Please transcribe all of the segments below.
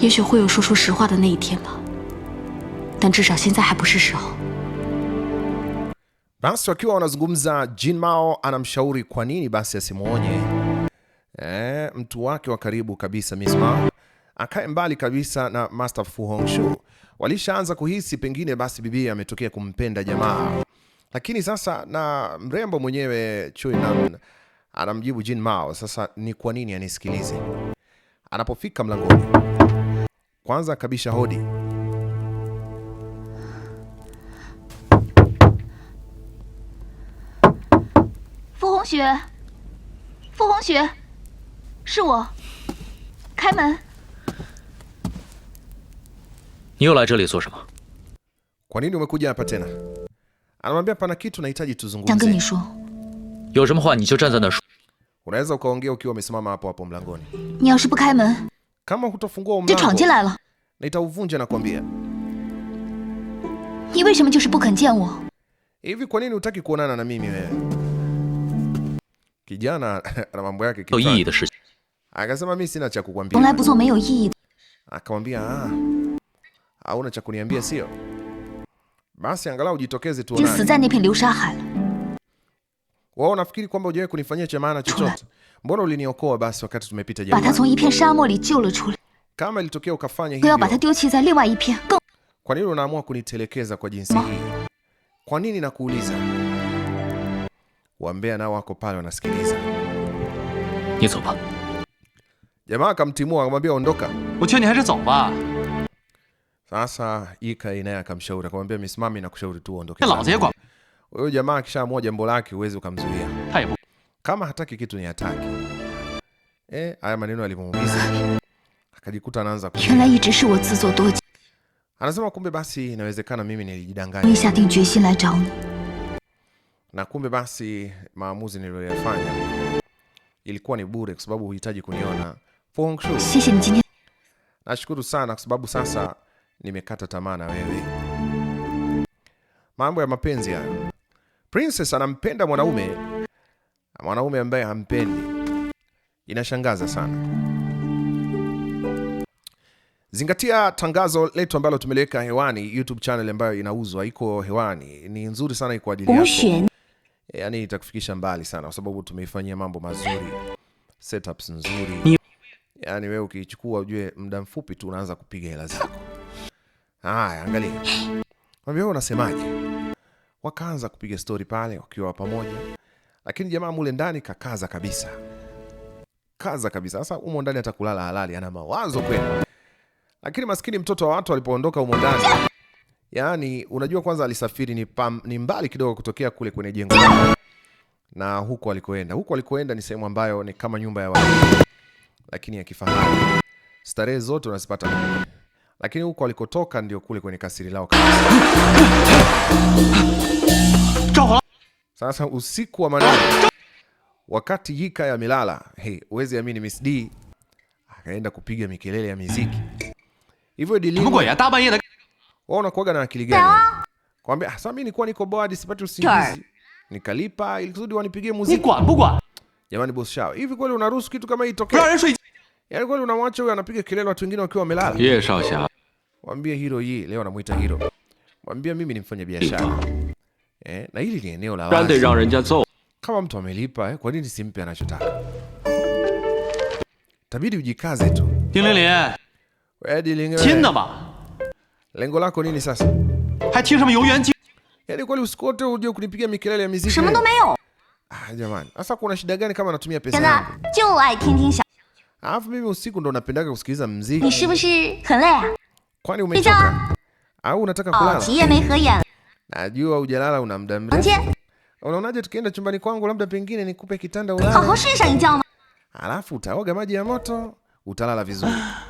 也许会有说出实话的那一天吧，但至少现在还不是时候。Basi wakiwa wanazungumza, Jin Mao anamshauri kwa nini basi asimwonye eh, mtu wake wa karibu kabisa Miss Mao akae mbali kabisa na Master Fu Hongxue. Walishaanza kuhisi pengine basi bibi ametokea kumpenda jamaa, lakini sasa na mrembo mwenyewe Chui Nan anamjibu Jin Mao, sasa ni kwa nini anisikilize? Anapofika mlangoni kwanza kabisha hodi. Fu Hongxue. Fu Hongxue. Shi wo. Kai men. Ni you lai zhe li shenme? Kwa nini umekuja hapa tena? Anamwambia pana kitu nahitaji tuzungumze. Yo shenme hua ni jiu zhan na shu. Unaweza ukaongea ukiwa umesimama hapo hapo mlangoni. Ni yao shi bu kai men. Kama hutafungua mlango nitauvunja na kuambia. Hivi kwa nini hutaki kuonana na mimi wewe? Kijana ana mambo yake kichwani. Akasema mimi sina cha kukwambia. Akamwambia ah. Hauna cha kuniambia sio? Basi angalau jitokeze tu. Wao nafikiri kwamba hujawahi kunifanyia cha maana chochote. Mbona uliniokoa basi wakati tumepita jangwani? Kama ilitokea ukafanya hivyo, kwa nini unaamua kunitelekeza kwa jinsi hii? Kwa nini nakuuliza? Waambia nao wako pale wanasikiliza. Jamaa akamtimua akamwambia ondoka. Sasa Ika naye akamshauri akamwambia misimami na kushauri tu ondoke. Huyo jamaa akishaamua jambo lake huwezi ukamzuia. Kama hataki kitu ni hataki. Eh, haya maneno alimuumiza akajikuta anaanza anasema, kumbe basi inawezekana mimi nilijidanganya, na kumbe basi maamuzi niliyoyafanya ilikuwa ni bure, kwa sababu huhitaji kuniona. Nashukuru sana kwa sababu sasa nimekata tamaa na wewe. Mambo ya mapenzi haya, Princess anampenda mwanaume, mwanaume ambaye hampendi, inashangaza sana. Zingatia tangazo letu ambalo tumeliweka hewani. YouTube channel ambayo inauzwa iko hewani, ni nzuri sana, kwa ajili yako, eh, Yaani itakufikisha mbali sana, kwa sababu tumeifanyia mambo mazuri, setups nzuri. Yaani wewe ukiichukua, ujue muda mfupi tu unaanza kupiga hela zako. Haya, angalia, mwambie wewe unasemaje? Wakaanza kupiga story pale wakiwa pamoja, lakini jamaa mule ndani kakaza kabisa, kaza kabisa. Sasa umo ndani atakulala halali, ana mawazo kweli lakini maskini mtoto wa watu alipoondoka humo ndani, yaani unajua kwanza alisafiri ni, pam, ni mbali kidogo kutokea kule kwenye jengo na huko alikoenda, huko alikoenda ni sehemu ambayo ni kama nyumba ya watu, lakini ya kifahari, starehe zote unazipata lakini huko alikotoka ndio kule kwenye kasiri lao kabisa. Sasa usiku wa manane, wakati Yika milala, hey, uwezi amini, Miss D akaenda kupiga mikelele ya miziki hivyo dilini Wewe unakuaga na akili gani? Kwambia ah, sasa mimi nilikuwa niko bored, sipati usingizi, nikalipa ili kusudi wanipigie muziki. Jamani boss shao, hivi kweli unaruhusu kitu kama hii itokee? Yaani kweli unamwacha huyo anapiga kelele watu wengine wakiwa wamelala? Mwambie hilo yeye leo anamuita hilo. Mwambie mimi ni mfanya biashara. Eh, na hili ni eneo la wazi. Kama mtu amelipa eh, kwa nini simpe anachotaka? Tabidi ujikaze tu. Kelele Edi Lingiwe. Chini na ma. Lengo lako nini sasa? Hai ti shima yoyuan ji. Yaani kweli usiku wote uje kunipigia mikelele ya muziki. Shima do meyo. Ah, jamani. Sasa kuna shida gani kama natumia pesa yangu? Jiu ai ting ting xia. Alafu mimi usiku ndo napendaga kusikiliza muziki. Ni shi bu shi hen lei? Kwani umechoka? Au unataka kulala? Oh, ye mei he yan. Najua hujalala una muda mrefu. Unaonaje tukienda chumbani kwangu labda pengine nikupe kitanda ulale. Hao shi shan ma. Alafu utaoga maji ya moto, utalala vizuri.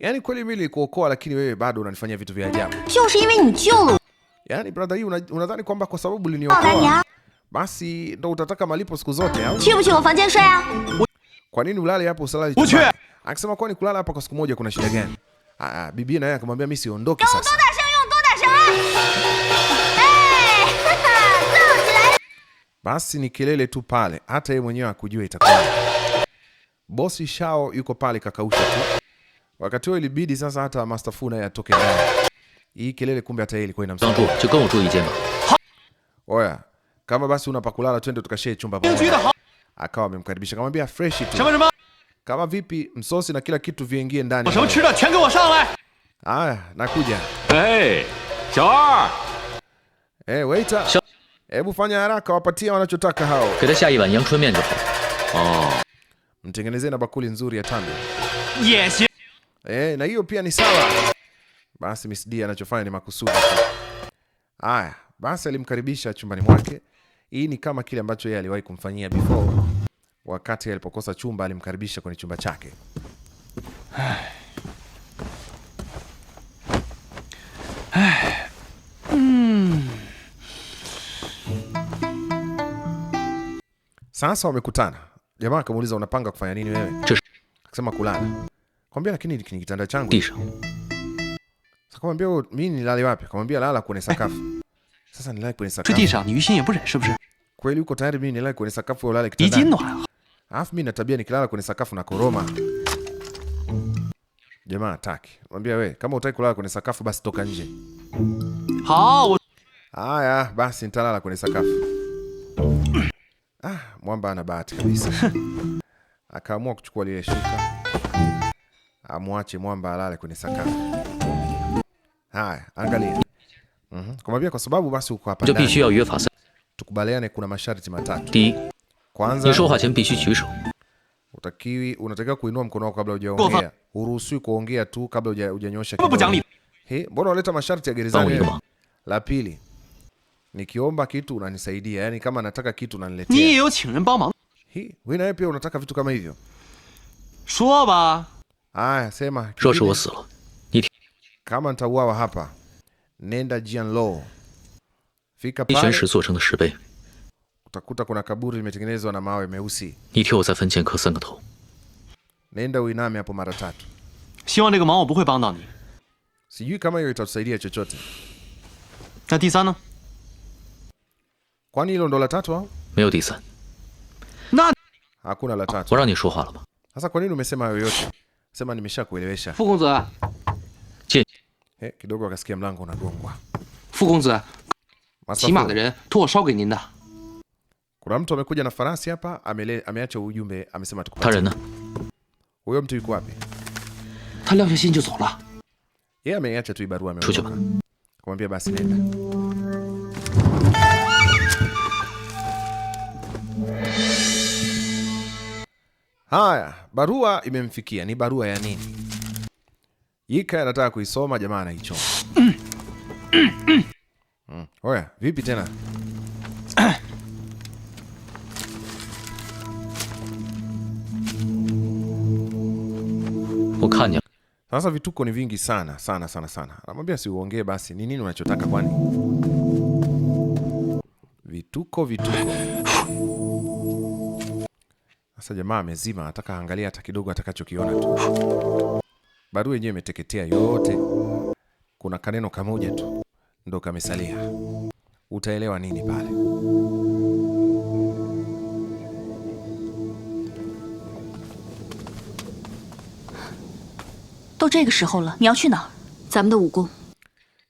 Yani kweli mimi nilikuokoa, lakini wewe bado unanifanyia vitu vya ajabu. Yani brother, hii unadhani kwamba kwa sababu uliniokoa basi ndo utataka malipo siku zote au? Kwa nini ulale hapo usalali? Akisema kwani kulala hapa kwa siku moja kuna shida gani? Ah, ah bibi naye akamwambia mimi siondoki sasa. Basi ni kelele tu pale, hata yeye mwenyewe akujua itakuwa. Bosi Shao yuko pale kakausha tu. Wakati huo ilibidi sasa hata Master Fu naye atoke ndani. Hii kelele kumbe hata yeye ilikuwa inamsikia. Oya, kama basi una unapakulala twende tukashare chumba pamoja. Akawa amemkaribisha akamwambia fresh tu. Kama vipi msosi na kila kitu viingie ndani. Haya, nakuja. Hey, hey, eh, waiter. Hebu fanya haraka wapatie wanachotaka hao. Oh. Mtengenezee na bakuli nzuri ya tambi. Yes. Eh, na hiyo pia ni sawa. Basi Miss D anachofanya ni makusudi. Haya, basi alimkaribisha chumbani mwake. Hii ni kama kile ambacho yeye aliwahi kumfanyia before. Wakati alipokosa chumba alimkaribisha kwenye chumba chake. Sasa wamekutana. Jamaa akamuuliza unapanga kufanya nini wewe? Akasema kulala. Kwambia lakini hiki ni kitanda changu. Sasa Sakamwambia oh, mimi nilale wapi? Akamwambia lala kwenye sakafu. Sasa nilale kwenye sakafu. tisha, bure, Kweli uko tayari mimi nilale kwenye sakafu au lale kitandani? Alafu mimi na tabia nikilala kwenye sakafu na koroma. Jamaa hataki. Mwambia wewe kama hutaki kulala kwenye sakafu basi toka nje. Haya basi nitalala kwenye sakafu. Ah, mwamba ana bahati kabisa. Akaamua kuchukua lile shuka amwache mwamba alale kwenye sakafu. Haya, angalia. Mhm. Kumwambia kwa sababu basi uko hapa ndani. Tukubaliane kuna masharti matatu. Kwanza, utakiwi unatakiwa kuinua mkono wako kabla hujaongea. Uruhusiwi kuongea tu kabla hujanyosha kidole. He, mbona unaleta masharti ya gerezani? La pili, nikiomba kitu unanisaidia, yani kama nataka kitu unaniletea. Ni Wewe nawe pia unataka vitu kama hivyo. Shoba. Aya, sema Joshua Wasila, kama nitauawa hapa, nenda Jianlou, fika pale utakuta kuna kaburi limetengenezwa na mawe meusi, nenda uiname hapo mara tatu. Sijui kama hiyo itatusaidia chochote. Kwani hilo ndo la tatu? Hakuna la tatu. Sasa kwa nini umesema hayo Sema nimesha nimeshakuelewesha. Eh, kidogo akasikia mlango unagongwa. Kuna mtu amekuja na farasi hapa, ameacha ujumbe, amesema tukupatie. Huyo mtu yuko wapi? Yeye ameacha tu barua ameondoka. Kumwambia basi nenda. Haya, barua imemfikia. Ni barua ya nini? Yika anataka kuisoma, jamaa anaichoma. mm. Oya, vipi tena? Sasa vituko ni vingi sana sana sana sana. Anamwambia si uongee basi, ni nini unachotaka kwani? Vituko vituko sasa jamaa amezima, anataka angalia hata kidogo atakachokiona tu. Barua yenyewe imeteketea yote, kuna kaneno kamoja tu ndo kamesalia. Utaelewa nini pale?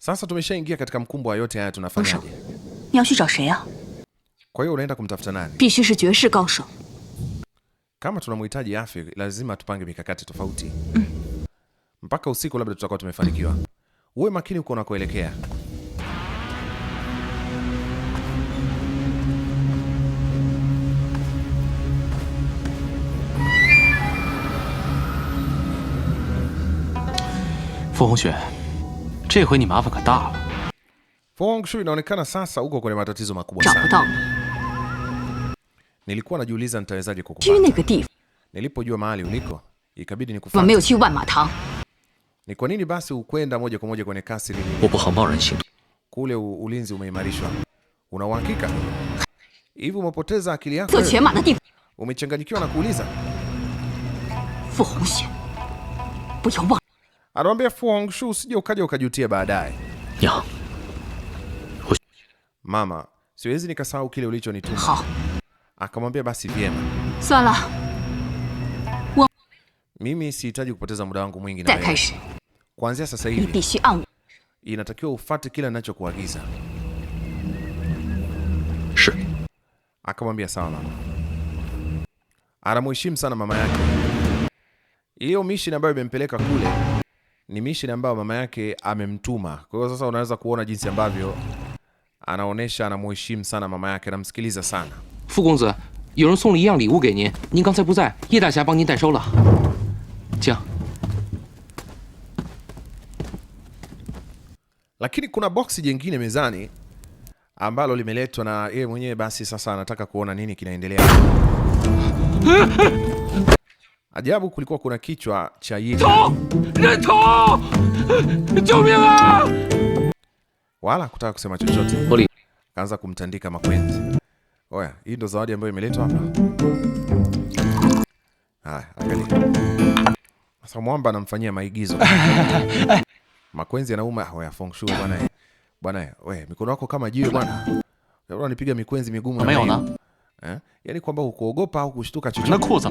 Sasa tumeshaingia katika mkumbo wa yote haya, tunafanyaje? Kwa hiyo unaenda kumtafuta nani? kama tunamhitaji Afi, lazima tupange mikakati tofauti mm. mpaka usiku, labda tutakuwa tumefanikiwa. Uwe makini huko unakoelekea. Fu Hongxue, hui ni ka da. Fu Hongxue, inaonekana sasa uko kwenye matatizo makubwa sana. Nilikuwa najiuliza nitawezaje kukupata. Nilipojua mahali uliko, ikabidi nikufuate. Ni kwa nini basi ukwenda moja kwa moja kwenye kasri? Kule ulinzi umeimarishwa. Una uhakika? Hivi umepoteza akili yako? Umechanganyikiwa na kuuliza? Anawaambia Fu Hongxue usije ukaja ukajutia baadaye. Mama, siwezi nikasahau kile ulichonituma. Akamwambia basi vyema, sala mimi sihitaji kupoteza muda wangu mwingi na wewe. Kuanzia sasa hivi inatakiwa ufate kila ninachokuagiza. Akamwambia sawa mama. Anamheshimu sana mama yake. Hiyo misheni ambayo imempeleka kule ni misheni ambayo mama yake amemtuma. Kwa hiyo sasa unaweza kuona jinsi ambavyo anaonesha anamheshimu sana mama yake, anamsikiliza sana. 傅公子，有人送了一样礼物给您，您刚才不在，叶大侠帮您代收了。请。Lakini kuna boksi jingine mezani ambalo limeletwa na yeye mwenyewe. Basi sasa anataka kuona nini kinaendelea. Ajabu, kulikuwa kuna kichwa cha Wala kutaka kusema chochote, kaanza kumtandika makwenzi. Oya, hii ndo zawadi ambayo imeletwa hapa. Ah, angalia. Sasa mwamba anamfanyia maigizo. Makwenzi yanauma. Oya, feng shui bwana. Bwana, wewe mikono yako kama jiwe bwana. Bwana yaani nipiga mikwenzi migumu na mimi. Eh? Yaani kwamba hukuogopa au kushtuka chochote.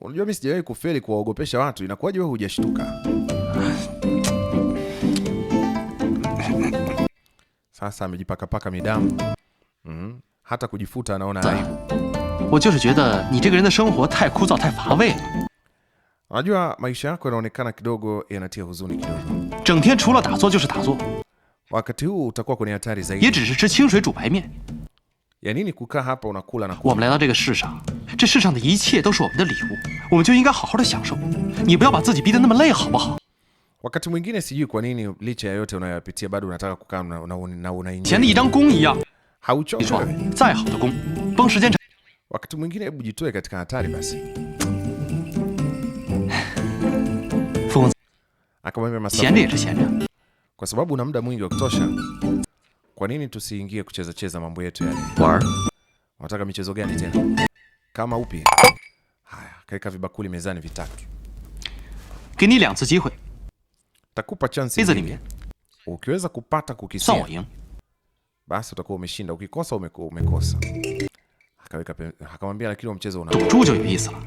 Unajua mimi sijawahi kufeli kuwaogopesha watu. Inakuwaje wewe hujashtuka? Sasa amejipakapaka midamu. Mhm. Mm hata kujifuta anaona aibu. Unajua, maisha yako yanaonekana kidogo yanatia huzuni kidogo. Wakati huu utakuwa kwenye hatari zaidi. Ya nini kukaa hapa unakula na kula? Wakati mwingine sijui kwa nini licha ya yote unayoyapitia bado unataka kukaa na unaingia hauchoka wakati mwingine. Hebu jitoe katika hatari basi. Akamwambia kwa sababu una muda mwingi wa kutosha, kwa nini tusiingie kucheza cheza mambo yetu yale? Unataka michezo gani tena? Kama upi? Haya, kaika vibakuli mezani vitatu. Takupa chance. Ukiweza kupata kukisia 赌注就有意思了。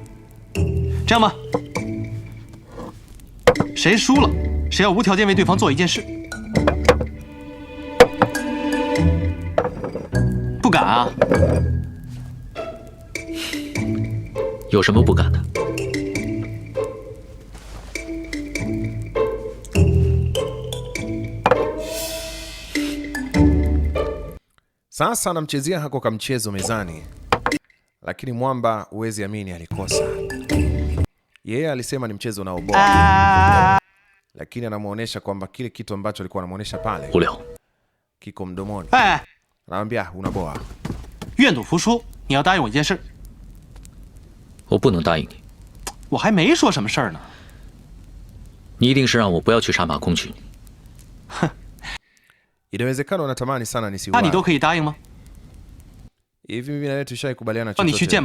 这样吧，谁输了，谁要无条件为对方做一件事。不敢啊？有什么不敢的？Sasa anamchezea hako mchezo mezani, lakini mwamba, uwezi amini, alikosa yeye. Yeah, alisema ni mchezo na ah, lakini anamuonesha kwamba kile kitu ambacho alikuwa anamuonesha pale kiko mdomoni. Eh. Anamwambia unaboa fushu ni yao wo bu wo hai mei shuo shi ne ni wo bu yao qu Inawezekana unatamani sana nisiuawe. Hivi mimi na wewe tushaikubaliana chochote.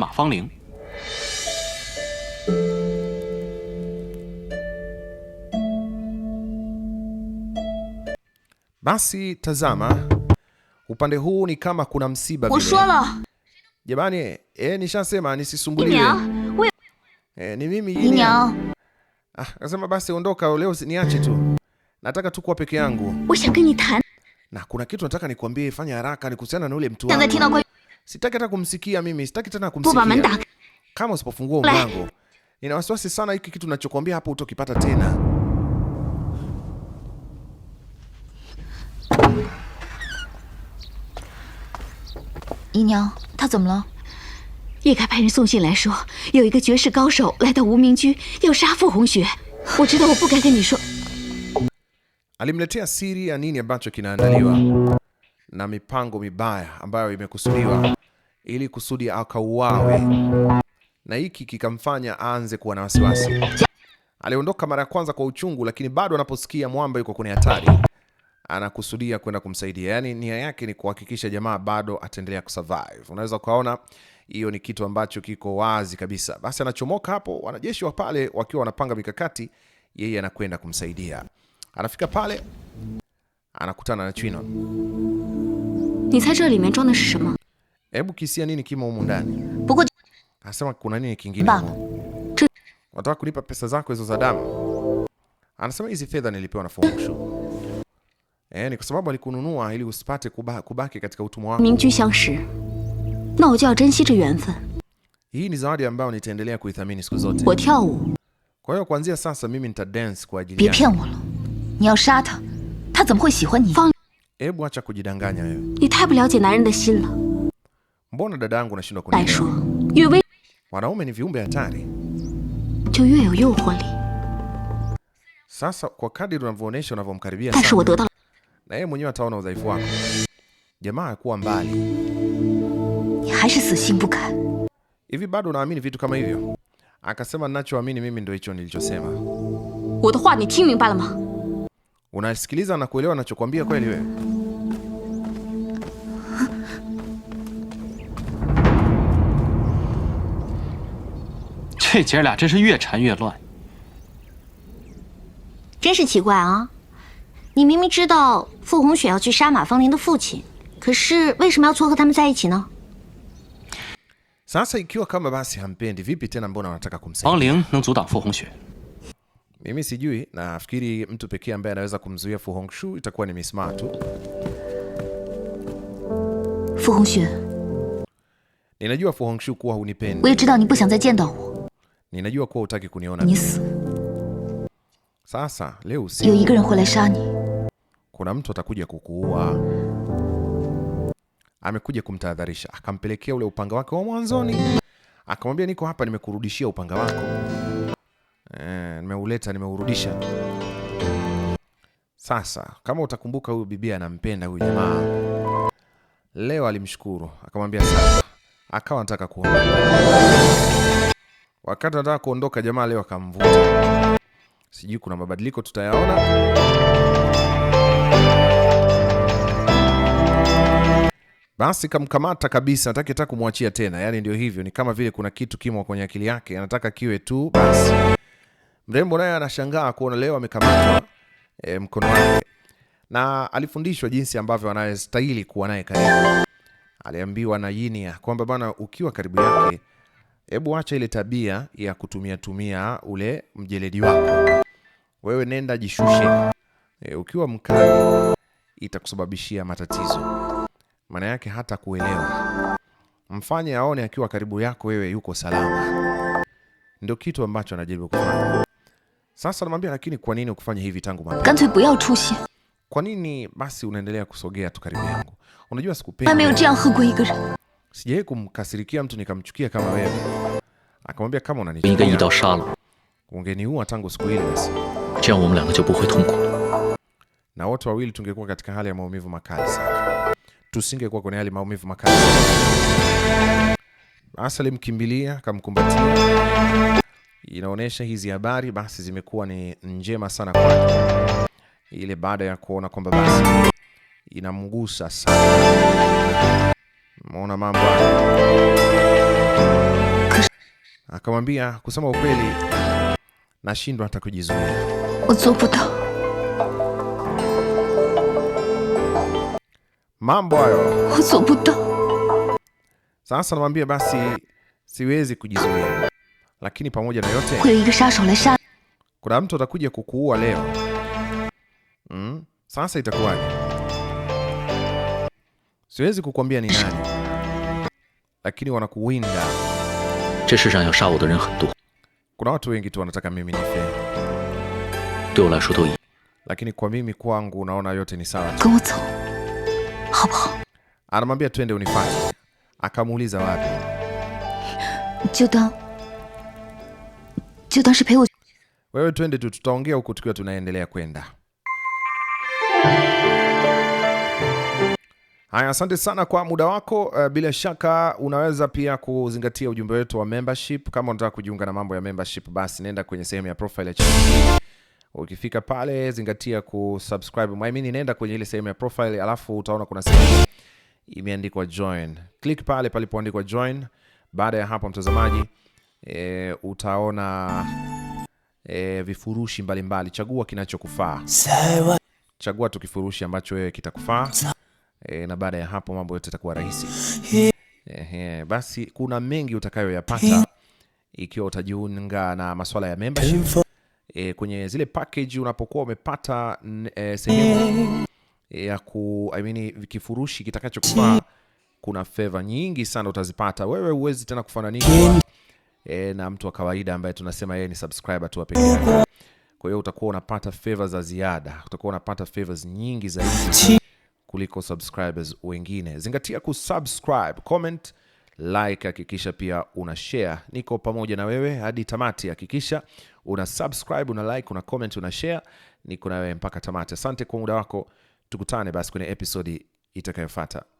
Basi tazama, upande huu ni kama kuna msiba vile. Jamani, eh, nishasema nisisumbuliwe. Eh, ni mimi yini. Ah, nasema basi ondoka leo, niache tu. Nataka tu kuwa peke yangu na kuna kitu nataka nikuambie, fanya haraka, ni kuhusiana na ule mtu wangu. Sitaki hata kumsikia mimi, sitaki tena kumsikia. Kama usipofungua mlango, nina wasiwasi sana, hiki kitu ninachokuambia hapo utokipata tena. Inyao, ta Alimletea siri ya nini ambacho kinaandaliwa na mipango mibaya ambayo imekusudiwa ili kusudi akauawe, na hiki kikamfanya aanze kuwa na wasiwasi. Aliondoka mara ya kwanza kwa uchungu, lakini bado anaposikia mwamba yuko kwenye hatari anakusudia kwenda kumsaidia. Yani nia yake ni kuhakikisha jamaa bado ataendelea kusurvive. Unaweza kuona hiyo ni kitu ambacho kiko wazi kabisa. Basi anachomoka hapo, wanajeshi wa pale wakiwa wanapanga mikakati, yeye anakwenda kumsaidia. Anafika pale anakutana na Chino. Hebu kisia nini kimo humu ndani? Anasema kuna nini kingine? Wataka kulipa pesa zako hizo za damu. Anasema hizi fedha nilipewa na Fu Manchu. Eh, ni kwa sababu alikununua ili usipate kubaki katika utumwa wako. Hii ni zawadi ambayo nitaendelea kuithamini siku zote. Kwa hiyo kuanzia sasa mimi nita dance kwa ajili yako. 你要杀他，他怎么会喜欢你？方，hebu acha kujidanganya wewe. 你太不了解男人的心了。Mbona dada yangu unashindwa kunielewa? 来说，越危 Wanaume ni viumbe hatari. 就越有诱惑力。Sasa kwa kadri unavyoonyesha unavyomkaribia sana, 得到了，na yeye mwenyewe ataona udhaifu wako. Jamaa kuwa mbali 你还是死性不改。hivi, bado unaamini vitu kama hivyo? Akasema, ninachoamini mimi ndio hicho nilichosema. Wote ni 我的话你听明白了吗？Unasikiliza na kuelewa anachokwambia kweli wewe? ce ikiwa kama basi hampendi, vipi tena mbona wanataka kumsaidia? Fang Ling 能阻挡傅红雪。mimi sijui, nafikiri mtu pekee ambaye anaweza kumzuia Fu Hongxue itakuwa ni Miss Ma tu. Fu Hongxue. Ninajua Fu Hongxue kuwa hunipendi. Wewe unajua ni bu xiang zai Ninajua kuwa hutaki kuniona. Nis. Sasa leo usiku. Kuna mtu atakuja kukuua. Amekuja kumtahadharisha, akampelekea ule upanga wake wa mwanzoni. Akamwambia niko hapa nimekurudishia upanga wako. Eh, nimeuleta nimeurudisha. Sasa kama utakumbuka, huyu bibi anampenda huyu jamaa. Leo alimshukuru akamwambia sasa, akawa anataka kuondoka. Wakati anataka kuondoka, jamaa leo akamvuta. Sijui kuna mabadiliko tutayaona. Basi kamkamata kabisa, hataki hata kumwachia tena. Yani ndio hivyo, ni kama vile kuna kitu kimo kwenye akili yake, anataka kiwe tu basi Mrembo naye anashangaa kuona leo amekamatwa e, mkono wake, na alifundishwa jinsi ambavyo anastahili kuwa naye karibu. Aliambiwa na Yinia kwamba bana, ukiwa karibu yake, hebu acha ile tabia ya kutumia tumia ule mjeledi wako, wewe nenda jishushe. E, ukiwa mkali itakusababishia matatizo. Maana yake hata kuelewa, mfanye aone akiwa karibu yako wewe yuko salama. Ndio kitu ambacho anajaribu kufanya. Sasa namwambia lakini kwa nini ukufanya hivi tangu mapema? Kwa nini basi unaendelea kusogea tu karibu yangu? Unajua sikupendi. Sijawahi kumkasirikia mtu nikamchukia kama wewe. Akamwambia kama unanichukia. Ungeniua tangu siku ile basi. Na wote wawili tungekuwa katika hali ya maumivu makali sana. Tusingekuwa kwenye hali ya maumivu makali. alimkimbilia akamkumbatia inaonyesha hizi habari basi zimekuwa ni njema sana kwake, ile baada ya kuona kwamba basi inamgusa sana. Umeona mambo, akamwambia kusema ukweli, nashindwa hata kujizuia. Mambo hayo sasa, namwambia basi siwezi kujizuia lakini pamoja na yote, kuna mtu atakuja kukuua leo mm. Sasa itakuwaje? Siwezi kukuambia ni nani, lakini wanakuwinda. Kuna watu wengi tu wanataka mimi nife, lakini kwa mimi kwangu, unaona yote ni sawa. Anamwambia twende, unifuate. Akamuuliza wapi? 就当是陪我。Wewe twende tu, tutaongea huku tukiwa tunaendelea kwenda. Haya, asante sana kwa muda wako. Uh, bila shaka unaweza pia kuzingatia ujumbe wetu wa membership. Kama unataka kujiunga na mambo ya membership, basi nenda kwenye sehemu ya profile ya Ukifika pale, zingatia kusubscribe. I mean, nenda kwenye ile sehemu ya profile, alafu utaona kuna sehemu imeandikwa join. Click pale palipoandikwa join. Baada ya hapo, mtazamaji e, utaona e, vifurushi mbalimbali mbali. Chagua kinachokufaa, chagua tu kifurushi ambacho wewe kitakufaa e, na baada ya hapo mambo yote yatakuwa rahisi. Ehe, basi kuna mengi utakayoyapata ikiwa utajiunga na masuala ya membership e, kwenye zile package unapokuwa umepata e, sehemu ya ku I mean, kifurushi kitakachokufaa. Kuna feva nyingi sana utazipata wewe, huwezi tena kufananishwa e, na mtu wa kawaida ambaye tunasema yeye ni subscriber tu peke yake. Kwa hiyo utakuwa unapata favors za ziada, utakuwa unapata favors nyingi zaidi kuliko subscribers wengine. Zingatia kusubscribe, comment, like, hakikisha pia una share. Niko pamoja na wewe hadi tamati. Hakikisha una subscribe, una like, una comment, una share. Niko na wewe mpaka tamati. Asante kwa muda wako, tukutane basi kwenye episodi itakayofuata.